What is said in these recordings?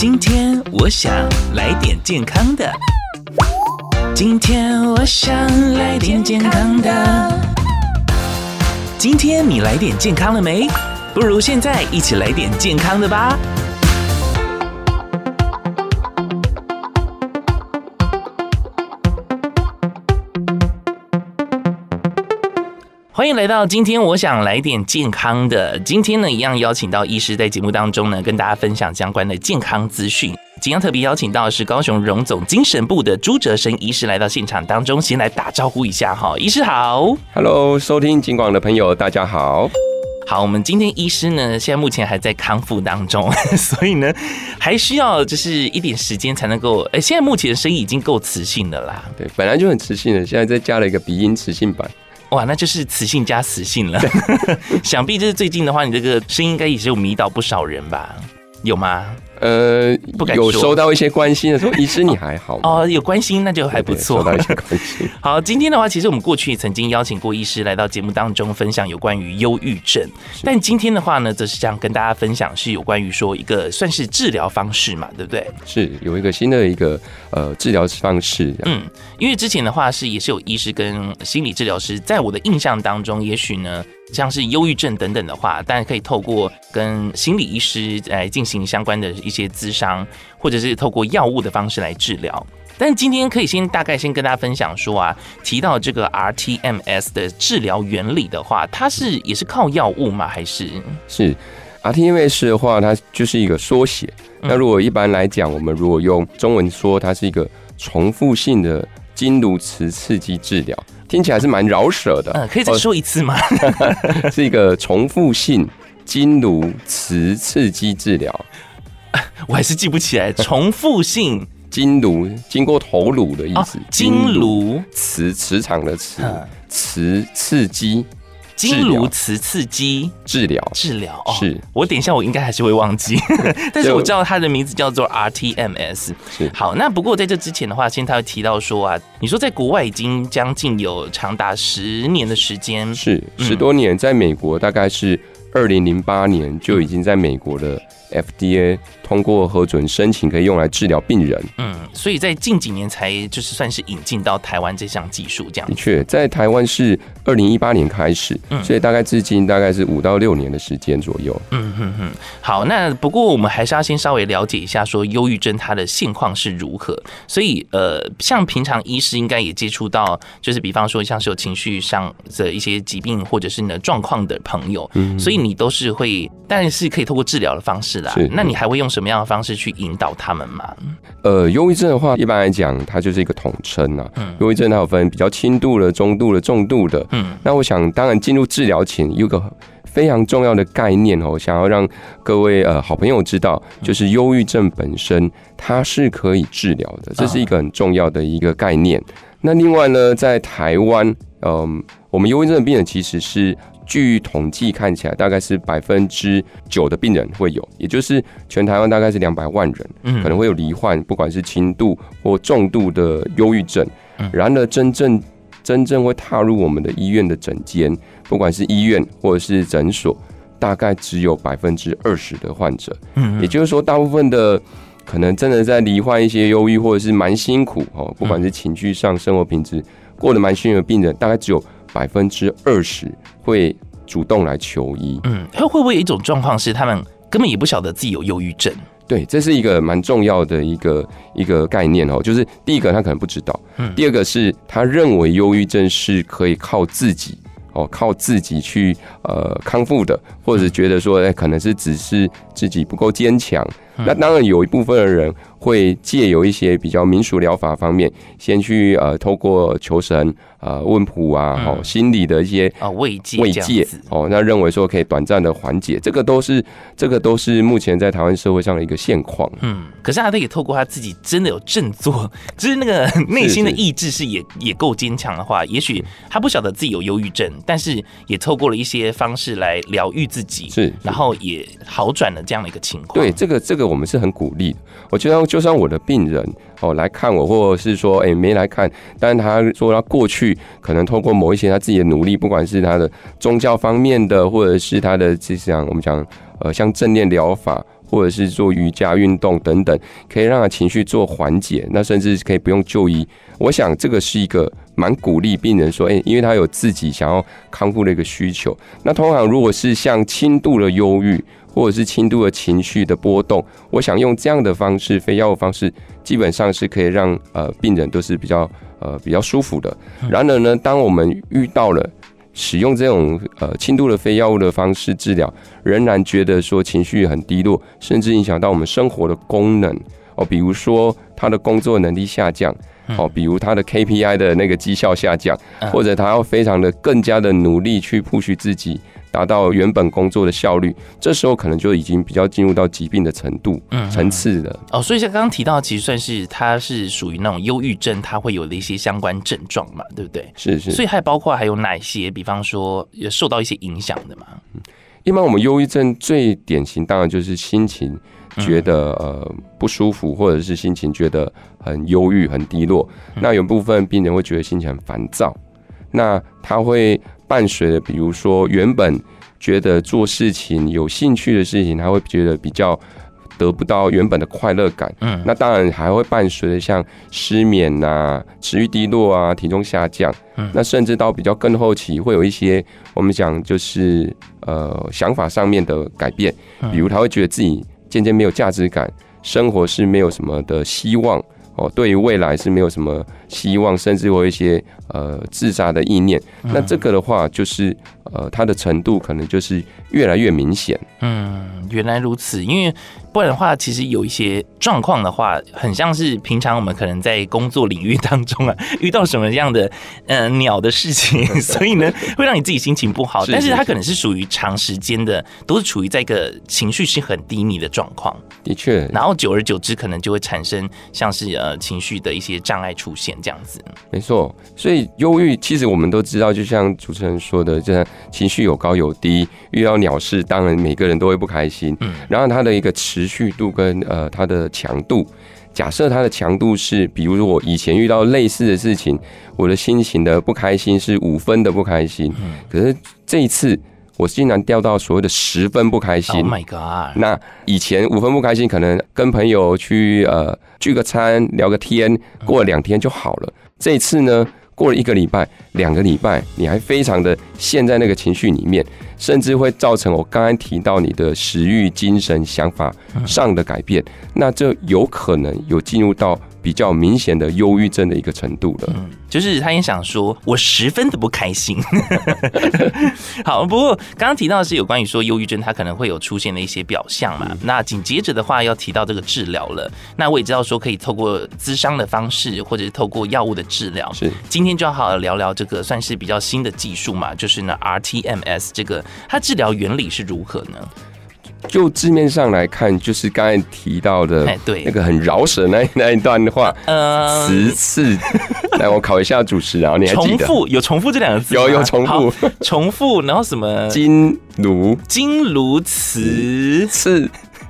今天我想來點健康的。今天我想來點健康的。今天你來點健康了沒？不如現在一起來點健康的吧。歡迎來到今天，我想來點健康的。今天呢，一樣邀請到醫師在節目當中呢，跟大家分享相關的健康資訊。今天特別邀請到是高雄榮總精神部的朱哲生醫師來到現場當中，先來打招呼一下哈。喔，醫師好，Hello，收聽警廣的朋友，大家好，好，我們今天醫師呢，現在目前還在康復當中，呵呵，所以呢，還需要就是一點時間才能夠，哎，現在目前的聲音已經夠磁性的啦，對，本來就很磁性的，現在再加了一個鼻音磁性版。哇，那就是磁性加磁性了。對 想必就是最近的話，你這個聲音應該也是有迷倒不少人吧？有嗎？呃，不敢說有收到一些關心的時候，醫師你還好嗎？ 哦，哦，有關心那就還不錯。了。收到一些關心。 好，今天的話，其實我們過去曾經邀請過醫師來到節目當中分享有關於憂鬱症，是但今天的話呢，則是想跟大家分享是有關於說一個算是治療方式嘛，對不對？是有一個新的一個呃治療方式。嗯，因為之前的話是也是有醫師跟心理治療師，在我的印象當中，也許呢。像是憂鬱症等等的話，當然可以透過跟心理醫師來進行相關的一些諮商，或者是透過藥物的方式來治療。但今天可以先大概先跟大家分享說啊，提到這個 rTMS 的治療原理的話，它是也是靠藥物嗎？還是是 rTMS 的話，它就是一個縮寫。那如果一般來講，我們如果用中文說，它是一個重複性的。經顱磁刺激治療聽起來是蠻饒舌的。嗯，可以再說一次嗎？哦、 是一個重複性經顱磁刺激治療，我還是記不起來。重複性經顱，經過頭顱的意思，經顱磁，磁場的磁、磁、嗯、刺激。經顱磁刺激治療，治療哦，是我等一下，我應該還是會忘記，是 但是我知道他的名字叫做 RTMS。是就 好，那不過在這之前的話，先他會提到說啊，你說在國外已經將近有長達十年的時間，是、嗯、十多年，在美國大概是二零零八年就已經在美國的。嗯嗯 FDA 通過核准申請，可以用來治療病人。嗯，所以在近幾年才就是算是引進到台灣這項技術這樣。的確，在台灣是二零一八年開始，嗯、所以大概至今大概是五到六年的時間左右。嗯嗯嗯。好，那不過我們還是要先稍微了解一下，說憂鬱症它的現況是如何。所以呃，像平常醫師應該也接觸到，就是比方說像是有情緒上的一些疾病或者是你的狀況的朋友，嗯、哼哼所以你都是會，但是可以透過治療的方式。是，那你還會用什麼樣的方式去引導他們嗎？嗯、呃，憂鬱症的話，一般來講，它就是一個統稱吶、啊。嗯，憂鬱症它有分比較輕度的、中度的、重度的。嗯，那我想，當然進入治療前，有一個非常重要的概念哦，想要讓各位呃好朋友知道，就是憂鬱症本身它是可以治療的，這是一個很重要的一個概念。嗯、那另外呢，在台灣，嗯、呃，我們憂鬱症的病人其實是。據統計看起來大概是百分之九的病人會有，也就是全台灣大概是兩百萬人可能會有罹患，不管是輕度或重度的憂鬱症。然而真正真正會踏入我們的醫院的診間，不管是醫院或者是診所，大概只有百分之二十的患者。也就是說，大部分的可能真的在罹患一些憂鬱或者是蠻辛苦哦，不管是情緒上、生活品質過得蠻辛苦的病人，大概只有。百分之二十會主動來求醫，嗯，他會不會有一種狀況是他們根本也不曉得自己有憂鬱症？對，這是一個蠻重要的一個一個概念哦，就是第一個他可能不知道，嗯、第二個是他認為憂鬱症是可以靠自己哦，靠自己去呃康復的，或者覺得說哎、嗯欸，可能是只是自己不夠堅強。嗯、那當然有一部分的人。會藉由一些比較民俗療法方面，先去呃，透過求神、呃、問啊、問卜啊、心理的一些慰藉，哦，慰藉哦，那認為說可以短暫的緩解，這個都是這個都是目前在台灣社會上的一個現況。嗯，可是他可以透過他自己真的有振作，其、就是那個內心的意志是也是是也夠堅強的話，也許他不曉得自己有憂鬱症，但是也透過了一些方式來療癒自己，是，是，然後也好轉了這樣的一個情況。對，這個這個我們是很鼓勵。我覺得。就算我的病人哦來看我，或者是說誒、欸、沒來看，但是他說他過去可能透過某一些他自己的努力，不管是他的宗教方面的，或者是他的就像我們講呃像正念療法，或者是做瑜伽運動等等，可以讓他情緒做緩解，那甚至可以不用就醫。我想這個是一個蠻鼓勵病人說誒、欸，因為他有自己想要康復的一個需求。那通常如果是像輕度的憂鬱。或者是輕度的情緒的波動，我想用這樣的方式，非藥物方式，基本上是可以讓呃病人都是比較呃比較舒服的。然而呢，當我們遇到了使用這種呃輕度的非藥物的方式治療，仍然覺得說情緒很低落，甚至影響到我們生活的功能哦，比如說他的工作能力下降，哦，比如他的 KPI 的那個績效下降，或者他要非常的更加的努力去 push 自己。達到原本工作的效率，這時候可能就已經比較進入到疾病的程度、嗯啊、層次了。哦，所以像剛剛提到的，其實算是它是屬於那種憂鬱症，它會有的一些相關症狀嘛，對不對？是是。所以還包括還有哪些？比方說，也受到一些影響的嘛。一般我們憂鬱症最典型，當然就是心情覺得、嗯、呃不舒服，或者是心情覺得很憂鬱、很低落。嗯、那有部分病人會覺得心情很煩躁。那他會伴隨着比如說原本覺得做事情有興趣的事情，他會覺得比較得不到原本的快樂感。嗯，那當然還會伴隨着像失眠啊、持續低落啊、體重下降。嗯，那甚至到比較更後期，會有一些我們講就是呃想法上面的改變，嗯，比如他會覺得自己漸漸沒有價值感，生活是沒有什麼的希望。哦，對於未來是沒有什麼希望，甚至有一些呃自殺的意念。那這個的話就是。呃，它的程度可能就是越來越明顯。嗯，原來如此，因為不然的話，其實有一些狀況的話，很像是平常我們可能在工作領域當中啊，遇到什麼樣的呃鳥的事情， 所以呢， 會讓你自己心情不好。是是是，但是它可能是屬於長時間的，都是處於在一個情緒是很低迷的狀況。的確確，然後久而久之，可能就會產生像是呃情緒的一些障礙出現這樣子。沒錯，所以憂鬱對其實我們都知道，就像主持人說的，這樣。情緒有高有低，遇到鳥事，當然每個人都會不開心。嗯，然後它的一個持續度跟呃它的強度，假設它的強度是，比如說我以前遇到類似的事情，我的心情的不開心是五分的不開心，嗯，可是這一次我竟然掉到所謂的十分不開心。Oh my god！那以前五分不開心，可能跟朋友去呃聚個餐、聊個天，過了兩天就好了。嗯，這一次呢？過了一個禮拜、兩個禮拜，你還非常的陷在那個情緒裡面，甚至會造成我剛剛提到你的食慾、精神、想法上的改變，那這有可能有進入到比較明顯的憂鬱症的一個程度了、嗯，就是他也想說，我十分的不開心。 好，不過剛剛提到的是有關於說憂鬱症，它可能會有出現的一些表象嘛。嗯、那緊接着的話，要提到這個治療了。那我也知道說，可以透過諮商的方式，或者是透過藥物的治療。是，今天就要好好聊聊這個算是比較新的技術嘛，就是呢，rTMS 這個它治療原理是如何呢？就字面上來看，就是剛才提到的，那個很饒舌那那一段的話，呃、嗯，磁刺刺， 來我考一下主持，然後你還記得？重複有重複這兩個字，有有重複，重複，然後什麼？經顱盧，經顱，磁刺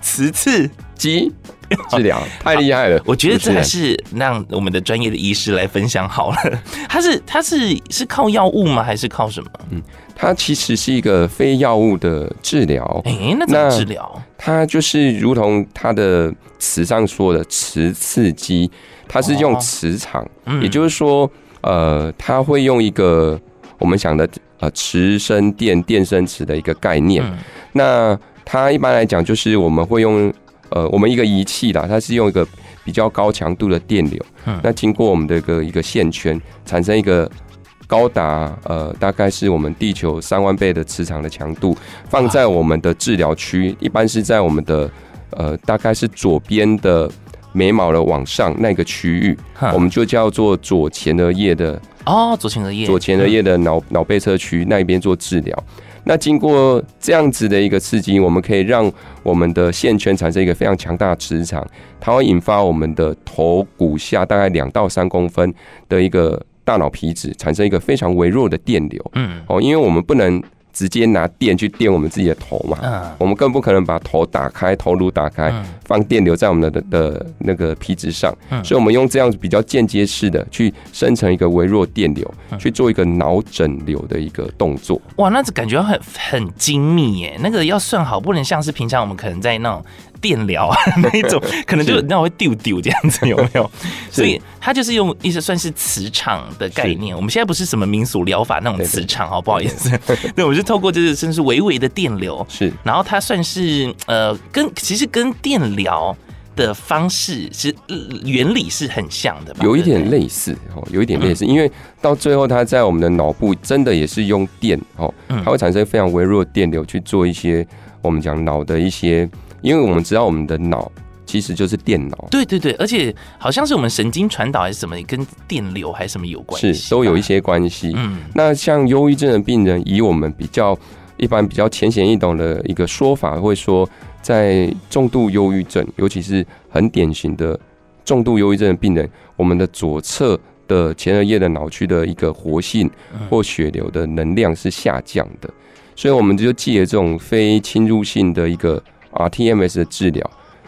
刺，磁刺，激。治療太厲害了，我覺得這還是讓我們的專業的醫師來分享好了。它是它是是靠藥物嗎？還是靠什麼？嗯，它其實是一個非藥物的治療。哎、欸，那怎麼治療？它就是如同它的詞上說的“磁刺激”，它是用磁場，哦、也就是說，嗯、呃，它會用一個我們講的呃“磁生電，電生磁”的一個概念。嗯、那它一般來講就是我們會用。呃，我們一個儀器啦，它是用一個比較高強度的電流，嗯、那經過我們的一個一個線圈，產生一個高達呃大概是我們地球三萬倍的磁場的強度，放在我們的治療區，啊、一般是在我們的呃大概是左邊的眉毛的往上那個區域，嗯、我們就叫做左前額葉的哦左前額葉左前額葉的腦腦、嗯、背側區那一邊做治療。那經過這樣子的一個刺激，我們可以讓我們的線圈產生一個非常強大的磁場，它會引發我們的頭骨下大概兩到三公分的一個大腦皮質產生一個非常微弱的電流。嗯，哦，因為我們不能。直接拿電去電我們自己的頭嘛，嗯、我們更不可能把頭打開，頭顱打開，嗯、放電流在我們的的，的那個皮質上，嗯、所以我們用這樣子比較間接式的去生成一個微弱電流，嗯、去做一個腦整流的一個動作。嗯、哇，那這感覺很很精密耶，那個要算好，不能像是平常我們可能在那種。電療啊， 那一種可能就那是會丟丟這樣子有沒有？是所以它就是用一些算是磁場的概念。是我們現在不是什麼民俗療法那種磁場，好、喔、不好意思。對，對，對，對，我是透過就是甚至微微的電流，是，然後它算是呃，跟其實跟電療的方式是原理是很像的，有一點類似哦，對對對，有一點類似，因為到最後它在我們的腦部真的也是用電哦，嗯、它會產生非常微弱的電流去做一些我們講腦的一些。因為我們知道，我們的腦其實就是電腦。對對對，而且好像是我們神經傳導還是什麽，跟電流還是什麽有關係，是都有一些關係。嗯，那像憂鬱症的病人，以我們比較一般、比較淺顯易懂的一個說法，會說，在重度憂鬱症，尤其是很典型的重度憂鬱症的病人，我們的左側的前額葉的腦區的一個活性或血流的能量是下降的，嗯、所以我們就借這種非侵入性的一個。RTMS 的治療，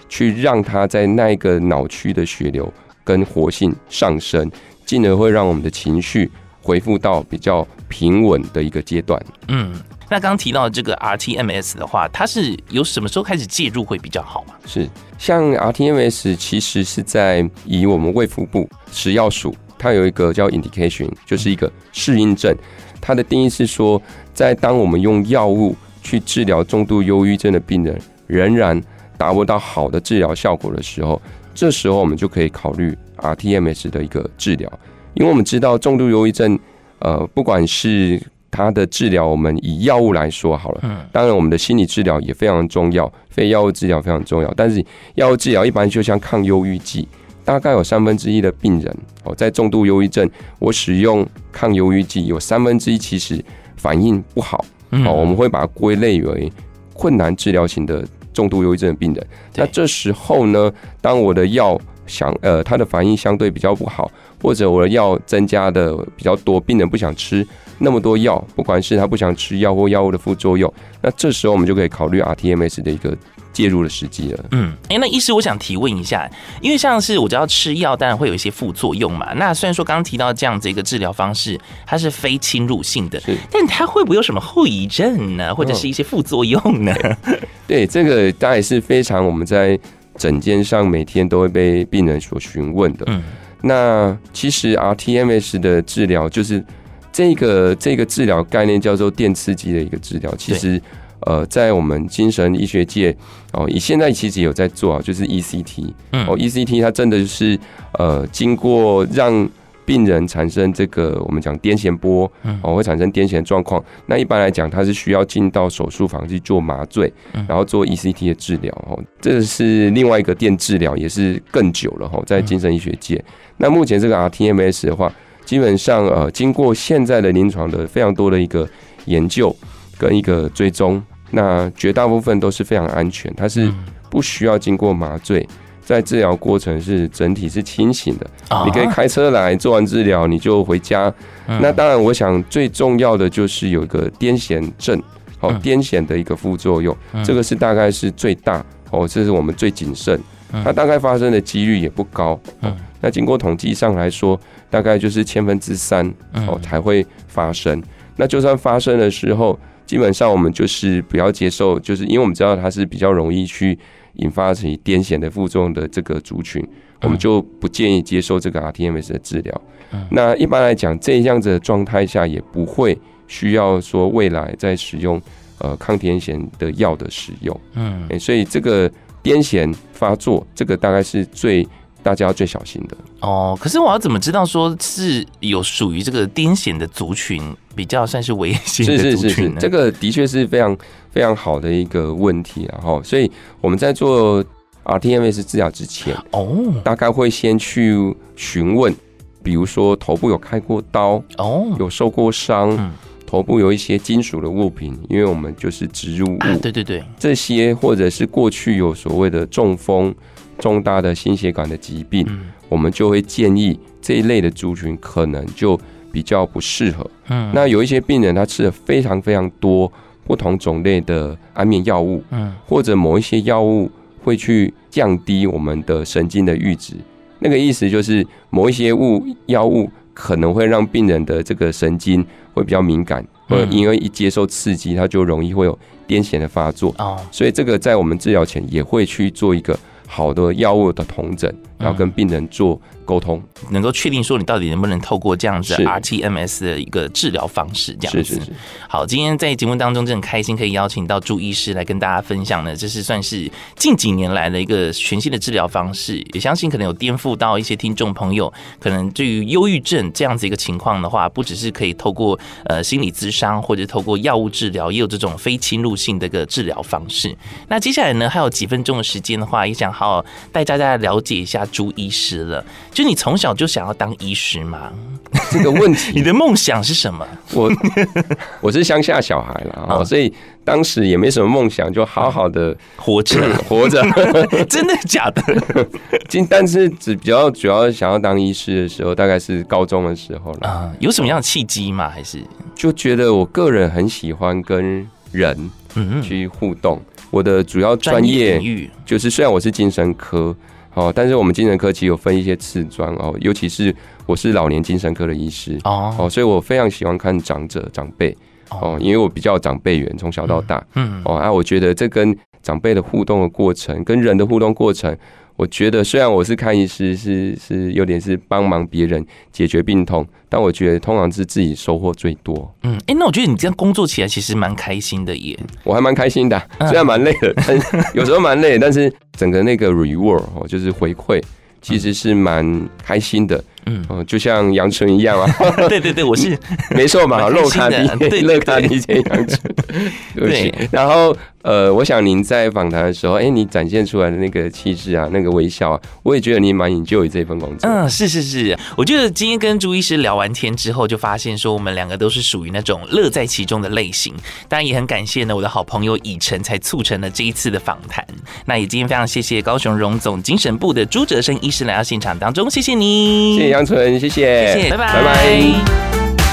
去讓它在那一個腦區的血流跟活性上升，進而會讓我們的情緒恢復到比較平穩的一個階段。嗯，那剛提到的這個 RTMS 的話，它是由什麼時候開始介入會比較好嗎？是像 RTMS 其實是在以我們衛福部食藥署，它有一個叫 indication，就是一個適應症，它的定義是說，在當我們用藥物去治療重度憂鬱症的病人。仍然達不到好的治療效果的時候，這時候我們就可以考慮 rTMS 的一個治療，因為我們知道重度憂鬱症，呃，不管是它的治療，我們以藥物來說好了，嗯，當然我們的心理治療也非常重要，非藥物治療非常重要，但是藥物治療一般就像抗憂鬱劑，大概有三分之一的病人哦，在重度憂鬱症，我使用抗憂鬱劑有三分之一其實反應不好，嗯，哦，我們會把它歸類為困難治療型的。重度憂鬱症的病人，那這時候呢，當我的藥想，呃，他的反應相對比較不好，或者我的藥增加的比較多，病人不想吃那麼多藥，不管是他不想吃藥或藥物的副作用，那這時候我們就可以考慮 rTMS 的一個。介入了實際了。嗯，哎、欸，那醫師，我想提問一下，因為像是我知道吃藥，當然會有一些副作用嘛。那雖然說剛剛提到的這樣子一個治療方式，它是非侵入性的，是但它會不會有什麼後遺症呢？或者是一些副作用呢？嗯、對，這個大概是非常我們在診間上每天都會被病人所詢問的。嗯，那其實 rTMS 的治療就是這個這個治療概念叫做電刺激的一個治療，其實。呃，在我們精神醫學界，哦，以現在其實有在做啊，就是 ECT，、嗯、哦，ECT 它真的是呃，經過讓病人產生這個我們講癲癇波，哦，會產生癲癇狀況。嗯、那一般來講，它是需要進到手術房去做麻醉，嗯、然後做 ECT 的治療，哦，這是另外一個電治療，也是更久了哈、哦，在精神醫學界。嗯、那目前這個 RTMS 的話，基本上呃，經過現在的臨床的非常多的一個研究跟一個追蹤。那絕大部分都是非常安全，它是不需要經過麻醉，在治療過程是整體是清醒的。啊、你可以開車來做完治療，你就回家。嗯、那當然，我想最重要的就是有一個癲癇症，哦，癲癇的一個副作用，嗯、這個是大概是最大哦，這是我們最謹慎，它、嗯、大概發生的幾率也不高，嗯、那經過統計上來說，大概就是千分之三哦才會發生，嗯、那就算發生的時候。基本上我們就是不要接受，就是因為我們知道它是比較容易去引發起癲癇的副作用的這個族群，我們就不建議接受這個 rTMS 的治療。嗯，那一般來講，這樣子的狀態下也不會需要說未來再使用呃抗癲癇的藥的使用。嗯，哎，所以這個癲癇發作，這個大概是最。大家要最小心的哦。可是我要怎麼知道說是有屬於這個癲癇的族群比較算是危險的族群呢？是是是是，這個的確是非常非常好的一個問題。然、啊、後所以我們在做 rTMS 治療之前，哦，大概會先去詢問，比如說頭部有開過刀，哦，有受過傷，嗯、頭部有一些金屬的物品，因為我們就是植入物、啊，對對對，這些或者是過去有所謂的中風。重大的心血管的疾病，嗯、我們就會建議這一類的族群可能就比較不適合。嗯、那有一些病人他吃了非常非常多不同種類的安眠藥物，嗯、或者某一些藥物會去降低我們的神經的閾值。那個意思就是，某一些物藥物可能會讓病人的這個神經會比較敏感，呃、嗯，而因為一接受刺激，它就容易會有癲癇的發作。哦、所以這個在我們治療前也會去做一個。好多藥物的同診。要跟病人做溝通，能夠確定說你到底能不能透過這樣子 rTMS 的一個治療方式，這樣子。好，今天在節目當中，就很開心可以邀請到朱醫師來跟大家分享呢，這是算是近幾年來的一個全新的治療方式，也相信可能有顛覆到一些聽眾朋友。可能對於憂鬱症這樣子一個情況的話，不只是可以透過呃心理諮商，或者透過藥物治療，也有這種非侵入性的一個治療方式。那接下來呢，還有幾分鐘的時間的話，也想好好帶大家來了解一下。朱醫師了，就你從小就想要當醫師嗎？這個問題， 你的夢想是什麼？我我是鄉下小孩了啊，嗯、所以當時也沒什麼夢想，就好好的、啊、活着 活着。 真的假的？今 但是只比較主要想要當醫師的時候，大概是高中的時候了啊、嗯。有什麼樣的契機嗎？還是就覺得我個人很喜歡跟人嗯去互動。嗯嗯，我的主要專業就是，雖然我是精神科。哦，但是我們精神科其實有分一些次專哦，尤其是我是老年精神科的醫師、oh. 哦，所以我非常喜歡看長者、長輩、oh. 哦，因為我比較長輩緣，從小到大，嗯，嗯哦，那、啊、我覺得這跟長輩的互動的過程，跟人的互動過程。嗯我覺得雖然我是看醫師是，是是有點是幫忙別人解決病痛，但我覺得通常是自己收穫最多。嗯，哎、欸，那我覺得你這樣工作起來其實蠻開心的耶。嗯、我還蠻開心的、啊，雖然蠻累的，但有時候蠻累，但是整個那個 reward 哦，就是回饋，其實是蠻開心的。嗯，嗯，就像陽春一樣啊。 對對對，我是沒錯嘛，樂 的、啊、卡對樂的一件陽春。 對，起對，然後。呃，我想您在訪談的時候，哎、欸，你展現出來的那個氣質啊，那個微笑啊，我也覺得你蠻享受於這份工作。嗯，是是是，我覺得今天跟朱醫師聊完天之後，就發現說我們兩個都是屬於那種樂在其中的類型。當然也很感謝呢，我的好朋友以辰才促成了這一次的訪談。那也今天非常謝謝高雄榮總精神部的朱哲生醫師來到現場當中，謝謝你，謝謝楊純，謝謝，謝謝，拜拜，拜拜。